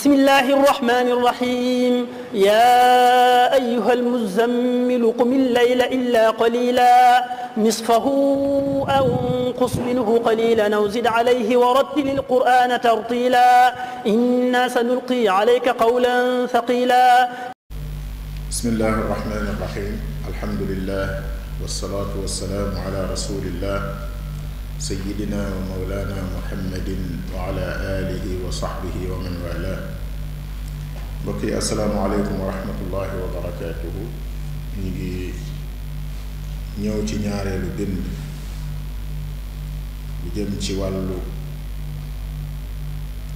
بسم الله الرحمن الرحيم يا أيها المزمل قم الليل إلا قليلا نصفه أو انقص منه قليلا أو زد عليه ورتل القرآن ترتيلا إنا سنلقي عليك قولا ثقيلا بسم الله الرحمن الرحيم الحمد لله والصلاة والسلام على رسول الله sayidina wa mawlana muhammadin wa ala alihi wa saxbihi wa man wala mbokk yi asalaamualeykum wa rahmatullahi wa barakatuhu ñu ngi ñëw ci ñaareelu bind jëm ci wàllu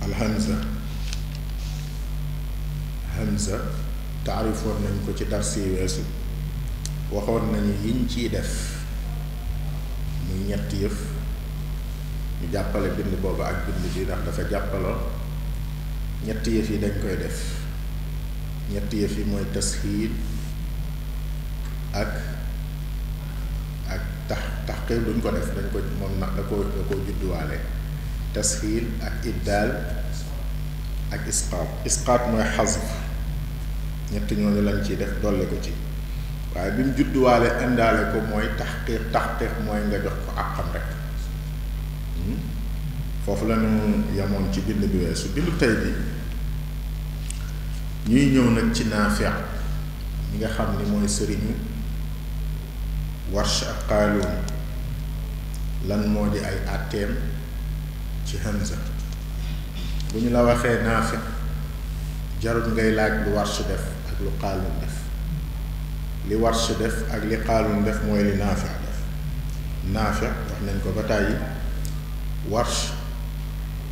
alhamza hamza taarifoon nañ ko ci dars weesu waxoon nañu yiñ ciy def muy ñett yëf ñu jàppale bind booba ak bind bi dafa jàppaloo ñetti yëf yi dañ koy def ñetti yëf yi mooy tasxiil ak ak tax tax xëy duñ ko def dañ ko moom nag da koo da koo judduwaale tasxiil ak iddaal ak isqaat isqaat mooy xasf ñetti ñooñu lañ ci def dolli ko ci waaye bi mu judduwaale indaale ko mooy taxqiiq taxqiiq mooy nga jox ko ak xam rek foofu la ñu ci bind bi weesu bindu tey bi ñuy ñëw nañ ci Naafi' nga xam ni mooy sëriñu Warsh ak Qaaluun lan moo di ay àtteem ci Hamza bu ñu la waxee Naafi' jarul ngay laaj bu Warsh def ak lu Qaaluun def li Warsh def ak li Qaaluun def mooy li Naafi' def Naafi' wax nañ ko ba tàyyi Warsh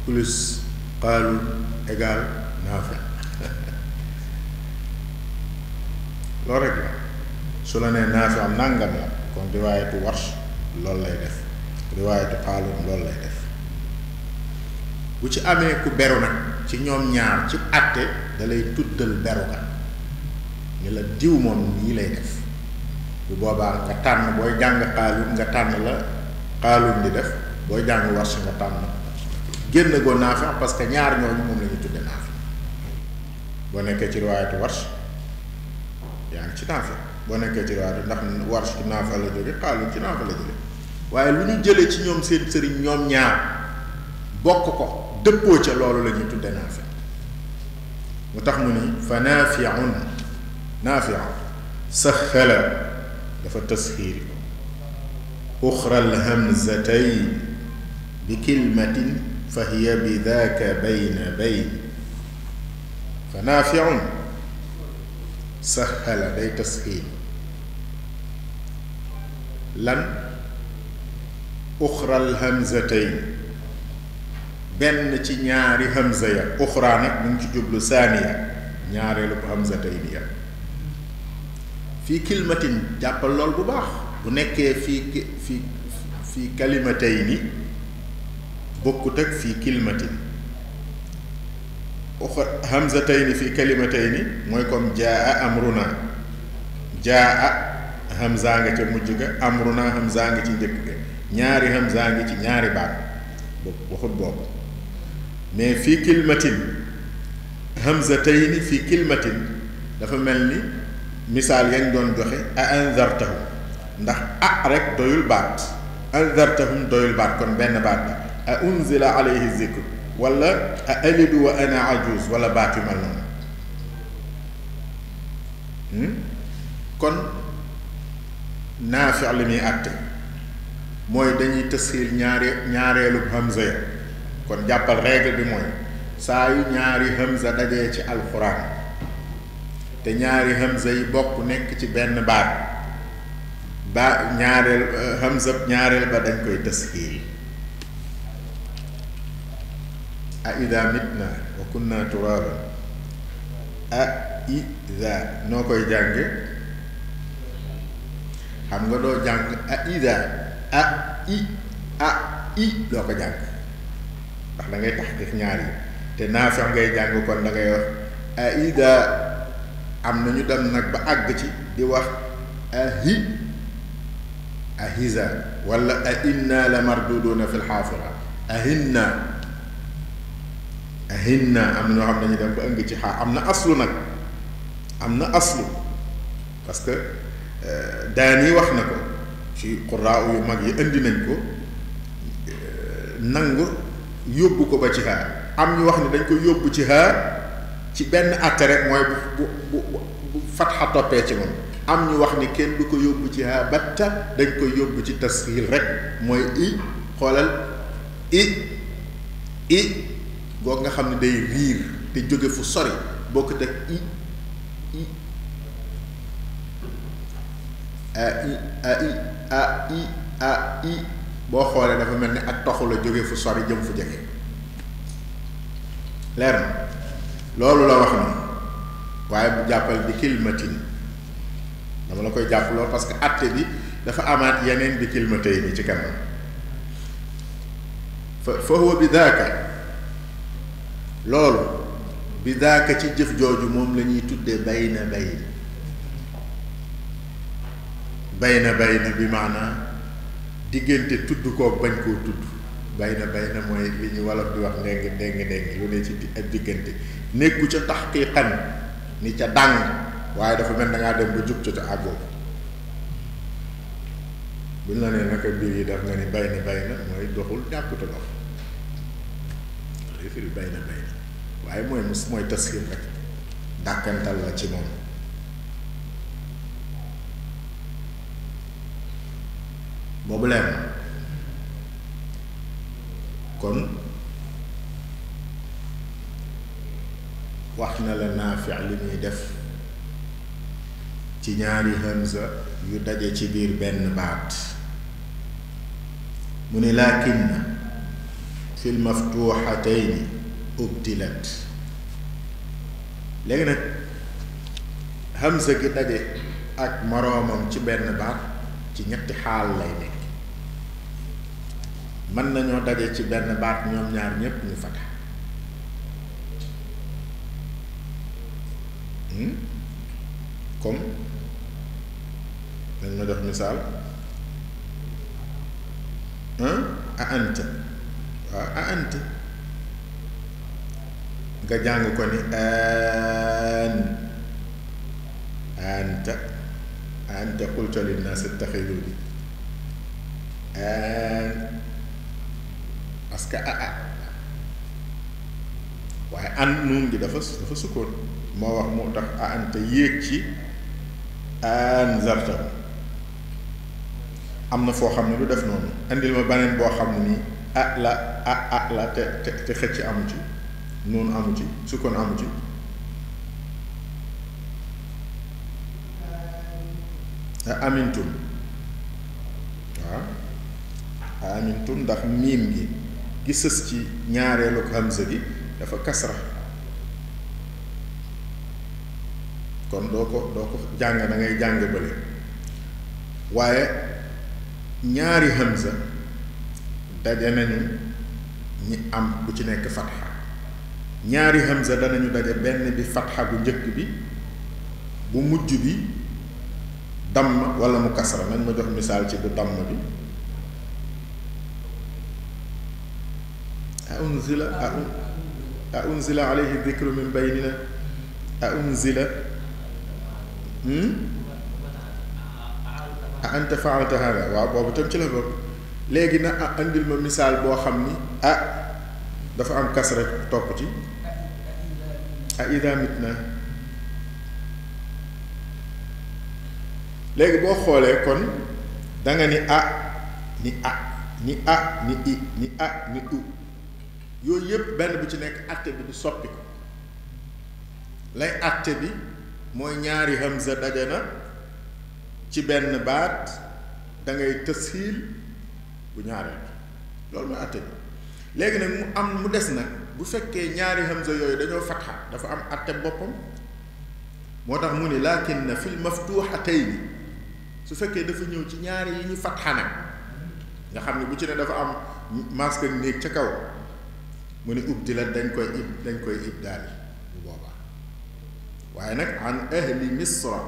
plus qaalu égal naafi loolu rek la su la nee naafi am nàngam la kon riwaayatu warsh loolu lay def riwaayatu qaalu loolu lay def bu ci amee ku beru nag ci ñoom ñaar ci àtte da lay tuddal beru ka ni la diw moom nii lay def bu boobaa nga tànn booy jàng qaalu nga tànn la qaalu di def booy jàng warsh nga tànn génn goo naafiq parce que ñaar ñooñu moom la ñu tudde boo nekkee ci riwaayatu warsh yaa ci naafiq boo nekkee ci riwaayatu ndax warsh ci naafiq la jóge waaye lu ñu jëlee ci ñoom seen sëriñ ñoom ñaar bokk ko dëppoo ca loolu la ñuy tudde mu tax mu ni fa naafiun naafiun saxala dafa tasxiiri uxral hamzatay bi kilmatin fa hiya bi daaka bayna bayn fa naafiun sahala day tasxiil lan uxral hamzatayn benn ci ñaari hamza ya uxra nag mu ngi ci jublu saaniya ñaareelu bu hamzatayn ya fii kilmatin jàppal lool bu baax bu nekkee fii fii fii kalimatayni bokkut ak fii kilmatin uxa hamzatayni fii kalimatayni mooy comme jaa amruna jaa hamza nga ca mujj ga amruna hamza nga ci njëkk ga ñaari hamza ngi ci ñaari baat boobu waxut boobu mais fii kilmatin hamzatayni fii kilmatin dafa mel ni misaal yañ doon joxe a anzartahum ndax a rek doyul baat anzartahum doyul baat kon benn baat a unzila alayhi zikr wala a alidu wa ana ajuz wala baat yu mel hmm? kon naafi li àtte mooy dañuy tësil ñaari ñaareelu hamza ya kon jàppal règle bi mooy saa yu ñaari hamza dajee ci alxuraan te ñaari hamza yi bokk nekk ci benn baat ba ñaareel hamza ñaareel ba dañ koy tësil a ida mitna wa kunna turaban a ida noo koy jànge xam nga doo jàng a ida a i a i doo ko jàng ndax da ngay tax def ñaar yi te naa sax ngay jàng kon da wax a ida am na ñu dem nag ba àgg ci di wax ahi ahiza wala a inna la marduduna fi lxaafira ahinna hinna am na ñoo xam ne ñu dem ba ëng ci xaa am na aslu nag am na aslu parce que euh, daan yi wax na ko ci xuraa yu mag yi indi nañ ko euh, nangu yóbbu ko ba ci xaa am ñu wax ne dañ ko yóbbu ci xaa ci benn àtte rek mooy am ñu wax ni kenn du ko yóbbu ci xaa dañ ko yóbbu ci tasxiil rek mooy i xoolal i i goog nga xam ne day riir te jóge fu sori bokkut ak i i a i a i boo xoolee dafa mel ni ak toxu la jóge fu sori jëm fu jege leer loolu la wax na waaye bu jàppal bi kilmatin dama la koy jàppaloo parce que àtte bi dafa amaat yeneen bi kilmatay ni ci kanam fa fa bi daaka loolu bi daaka ci jëf jooju moom la ñuy tuddee bay na bay bay na na bi maanaam diggante tudd koo bañ koo tudd bay na bay na mooy li ñu wolof di wax ndeng ndeng ndeng lu ne ci ak diggante nekku ca tax xan ni ca dàng waaye dafa mel da dem ba jub ca àggoo buñ la nee naka mbir yi daf nga ni bay na bay na mooy doxul jàppute dox day firi bay waaye mooy mus mooy taslim rek dàkkantal la ci moom boobu kon wax na la naafi li muy def ci ñaari hamza yu daje ci biir benn baat mu ne laakin na fi l maftuxatayni ubtilat léegi nag hamza gi daje ak moroomam ci benn baat ci ñetti xaal lay nekk mën nañoo daje ci benn baat ñoom ñaar ñépp ñu fata hmm? comme dañ ma jox misaal a anta waaw a ant nga jàng ko ni an anta anta qulta linnaas ittaxiduni an parce que a a waaye an nuun gi dafa dafa sukkoon moo wax moo tax a anta yéeg ci an zarta am na foo xam ne lu def noonu andil ma beneen boo xam nii ah la ah, ah la te te xëcc amu ci noonu amu ci sukkoon amu ci a ah, amintum waaw ah, a amintum ndax miim gi gi ci ñaareelu hamza dafa kasra kon doo ko doo ko jàng da ngay jàng bële waaye ñaari hamza daje nañu ñi am bu ci nekk fatxa ñaari hamza danañu daje benn bi fatxa bu njëkk bi bu mujj bi damm wala mu kasra nañ ma jox misaal ci bu damm bi a unzila a unzila alayhi hmm? a anta faalta waaw boobu tam ci la bokk léegi na ah andil ma misaal boo xam ni ah dafa am kas rek topp ci ah ida mitna léegi boo xoolee kon danga nga ni ah ni ah ni ah ni i ni ah ni u yooyu yépp benn bu ci nekk àtte bi du soppi ko lay àtte bi mooy ñaari hamza daje na ci benn baat da ngay tësxiil bu ñaareel loolu mooy atte bi léegi nag mu am mu des nag bu fekkee ñaari hamza yooyu dañoo fatxa dafa am atte boppam moo tax mu ni laakin na fil maftuuxatayni su fekkee dafa ñëw ci ñaari yi ñu fatxa nag nga xam ne bu ci ne dafa am masque néeg ca kaw mu ne ubdi la dañ koy ib dañ koy ibdaali bu boobaa waaye nag an ahli misra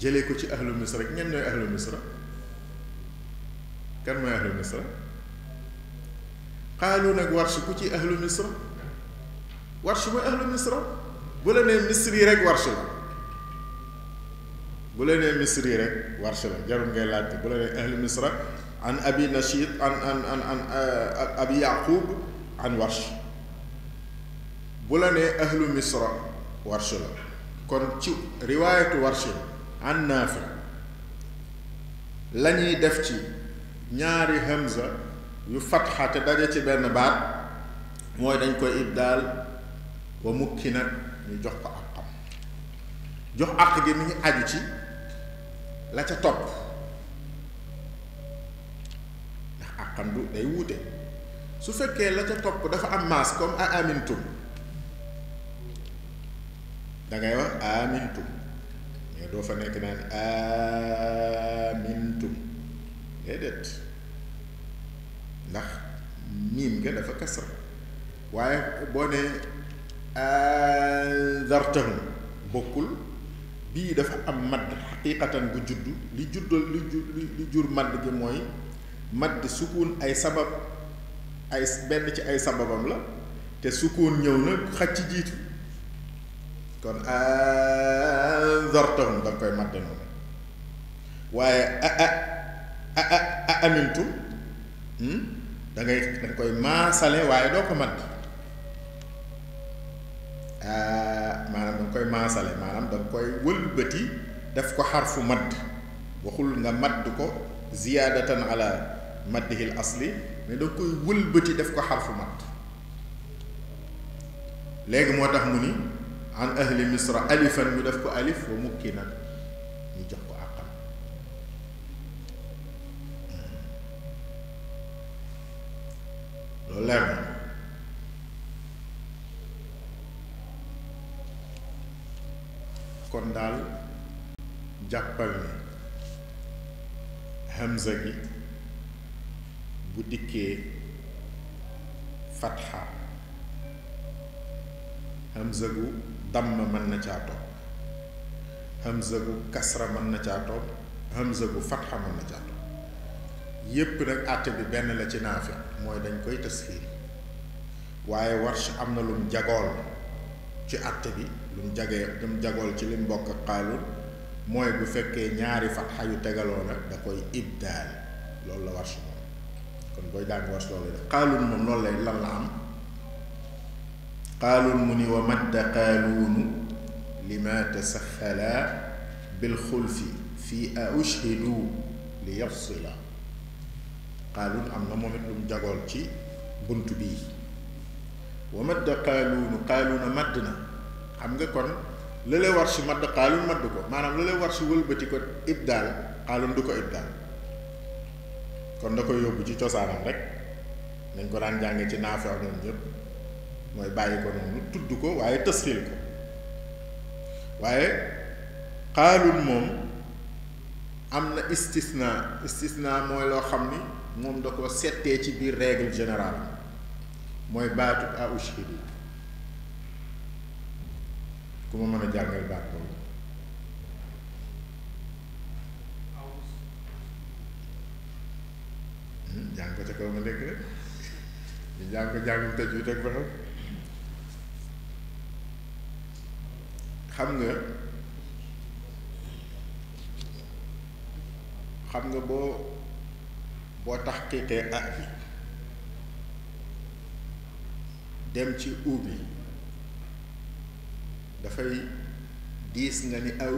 jëlee ko ci ahlu misra ñen ñooy ahlu misra kan mooy ahlu misra xaalu nag warsh ku ci ahlu misra warsh mooy ahlu misra bu la nee misri bu la nee ahlu misra an abi nashid an an an uh, abi yaqub an warsh bu la nee ahlu misra warsh la kon ci riwaayatu warsh an naafi la def ci ñaari hamza yu fatxa te daje ci benn baat mooy dañ koy ibdaal wa mukki nag ñu jox ko àqam jox àq gi mi aju ci la ca topp ndax àqam du day wuute su fekkee la ca topp dafa am maas comme a amintum dangay wax amintum mais doo fa nekk naan amintum déedéet ndax miim nga dafa kasra waaye boo ne anzartahum bokkul bii dafa am madd xaqiqatan bu judd li juddal li jur madd gi mooy madd sukun ay sabab ay benn ci ay sababam la te sukun ñëw na xaj ci jiitu kon anzartahum da nga koy madd noonu waaye a a a a amintu hmm? da danga koy maasale waaye doo ko mat maanaam danga koy maasale maanaam danga koy wëlbati daf ko xarfu madd waxul nga madd ko ziyaadatan ala maddihil asli mais danga koy wëlbati daf ko xarfu madd léegi moo tax mu ni an ahli misra alifan ñu def ko alif wa mukkinan ñu jox loolu kon daal jàppal ni hamza gi bu dikkee fatxa hamza gu damm mën na caa topp hamza gu kasra mën na caa topp hamza gu fatxa mën na caa yépp nag àtte bi benn la ci naafi mooy dañ koy tasxiir waaye warsh am na lum jagool ci àtte bi lum jagee lum jagool ci lim bokk ak xaalul bu fekkee ñaari fatxa yu tegaloo nag da koy ibdaal loolu la moom kon lay lan la am xaalul mu ni wa madda xaaluunu lima tasaxala bilxulfi fi aushhidu li yafsila qaaluun am na moom it lu jagool ci bunt bii wa madd qaaluunu qaaluuna madd na xam nga kon lële war si madd qaaluun madd ko maanaam lële war si wëlbati ko ibdaal qaaluun du ko ibdaal kon da koy yóbbu ci cosaanam rek dañ ko daan jànge ci naafe ak noonu yëpp mooy bàyyi ko noonu tudd ko waaye tasxiil ko waaye qaaluun moom am na istisna istisna mooy loo xam ni moom da ko settee ci biir règle générale mooy baatu a ushhid ku ma mën a jàngal baat boobu hmm, jàng ko ca kaw ma dégg rek jàng ko jàngum tëj wi teg ba xam nga xam nga boo boo tax xiiqee ah bi dem ci uu bi dafay diis nga ni aw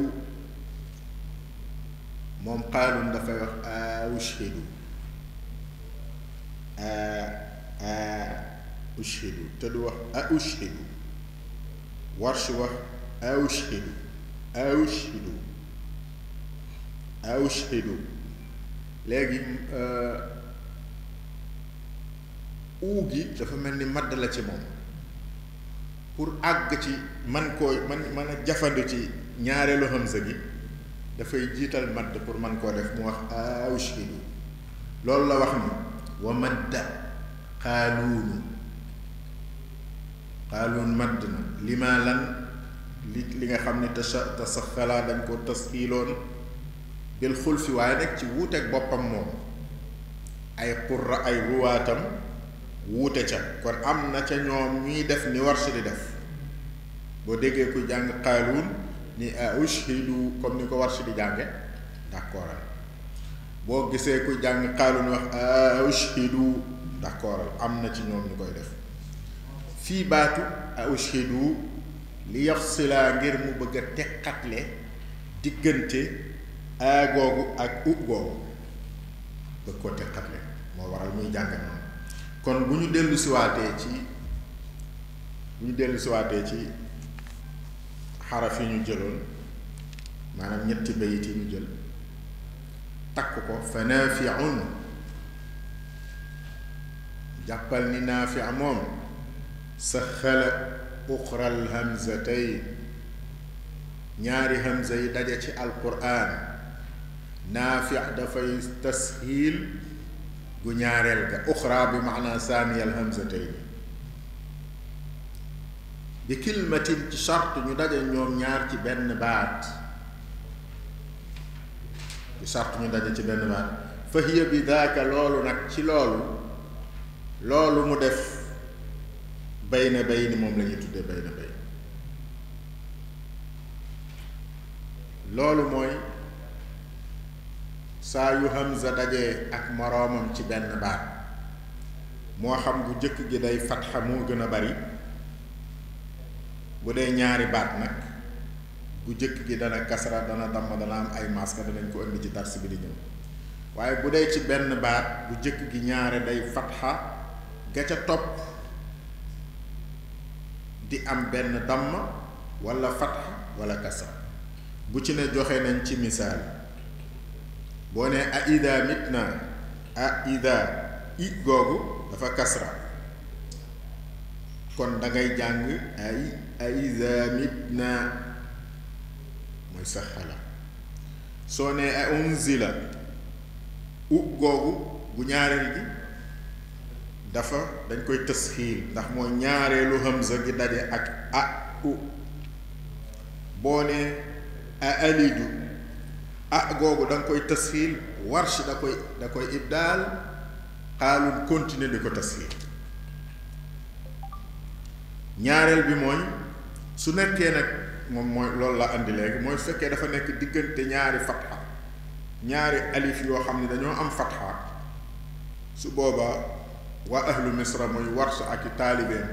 moom xaalum dafay wax aushhidu ah, a ah, a ah, ushhidu te du wax a ushhidu warsh wax aushhidu aushhidu aushhidu léegi uu euh, gi dafa mel ni madd la ci moom pour àgg ci man koo man mën a jafandu ci ñaareelu hamza gi dafay jiital madd pour man koo def mu wax aushhidu loolu la wax ni wa madda xaaluunu xaaluun madd na limaa lan li li nga xam ne tasa tasaxalaa dañ ko tasxiiloon bil xulfi waaye nag ci wuuteeg boppam moom ay qurra ay ruwaatam wuute ca kon am na ca ñoom ñuy def ni war si di def boo déggee ku jàng xaaluun ni a ushhidu comme ni ko war si di jànge d'accord boo gisee ku jàng xaaluun wax a ushhidu d'accord am na ci ñoom ñu koy def fii baatu a ushhidu li yafsila ngir mu bëgg a teqatle diggante a googu ak u googu ba côté xamle moo waral muy jàng noonu kon bu ñu dellu siwaatee ci bu ñu dellu siwaatee ci xaraf yi ñu jëloon maanaam ñetti bayit yi ñu jël takk ko fa naafiun jàppal ni naafia moom sa xala uxral hamzatay ñaari hamza yi daje ci alquran naafic dafay tashiil gu ñaareel ga uxra bi maanaa saani alhamzatayn bi kilmatin ci shart ñu daje ñoom ñaar ci benn baat ci shart ñu daje ci benn baat fa bi daaka loolu nag ci loolu loolu mu def bayna bayni moom la ñuy bayna bayni loolu mooy saa yu hamza dajee ak moroomam ci benn baat moo xam gu jëkk gi day fatxa moo gën a bari bu dee ñaari baat nag gu jëkk gi dana kasra dana damm dana am ay maska danañ ko indi ci tars bi di ñëw waaye bu dee ci benn baat bu jëkk gi ñaare day fatxa ga ca topp di am benn damm walla fatxa wala kasra bu ci ne joxe nañ ci misaal boo nee a ida mit na a ida googu dafa kasra kon dangay ngay jàng ay a ida mit mooy sax xala soo nee a unzila u googu gu ñaareel gi dafa dañ koy tas tasxiir ndax mooy ñaareelu hamza gi daje ak a u boo nee a alidu ah googu da nga koy tasxiil warsh da koy da koy ibdaal xaalun continuer di ko tasxiil ñaareel bi mooy su nekkee nag moom mooy loolu la indi léegi mooy fekkee dafa nekk diggante ñaari fatxa ñaari alif yoo xam ni dañoo am fatxa su boobaa waa ahlu misra muy warsh ak i taalibeem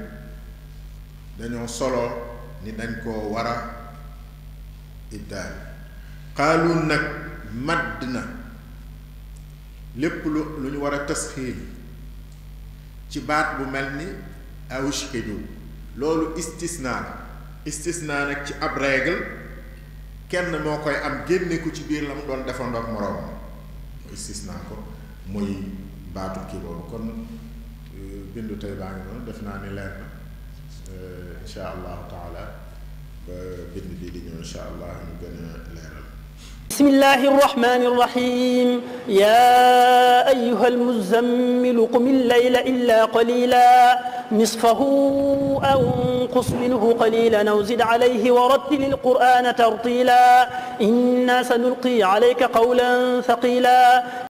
dañoo solo ni dañ koo war a ibdaal xaaluun nag màdd na lépp lu lu ñu war a tasxiil ci baat bu mel ni aushhidu loolu istisna la istisna nag ci ab règle kenn moo koy am génne ko ci biir la mu doon defandoo ak moroom istisna ko muy baatu kii boobu kon euh, bindu tey baa ngi noonu def naa ni leer na euh, incha allahu taala bind bii di ñëw incha allah ñu gën leer بسم الله الرحمن الرحيم يا أيها المزمل قم الليل إلا قليلا نصفه أو انقص منه قليلا أو زد عليه ورتل القرآن ترتيلا إنا سنلقي عليك قولا ثقيلا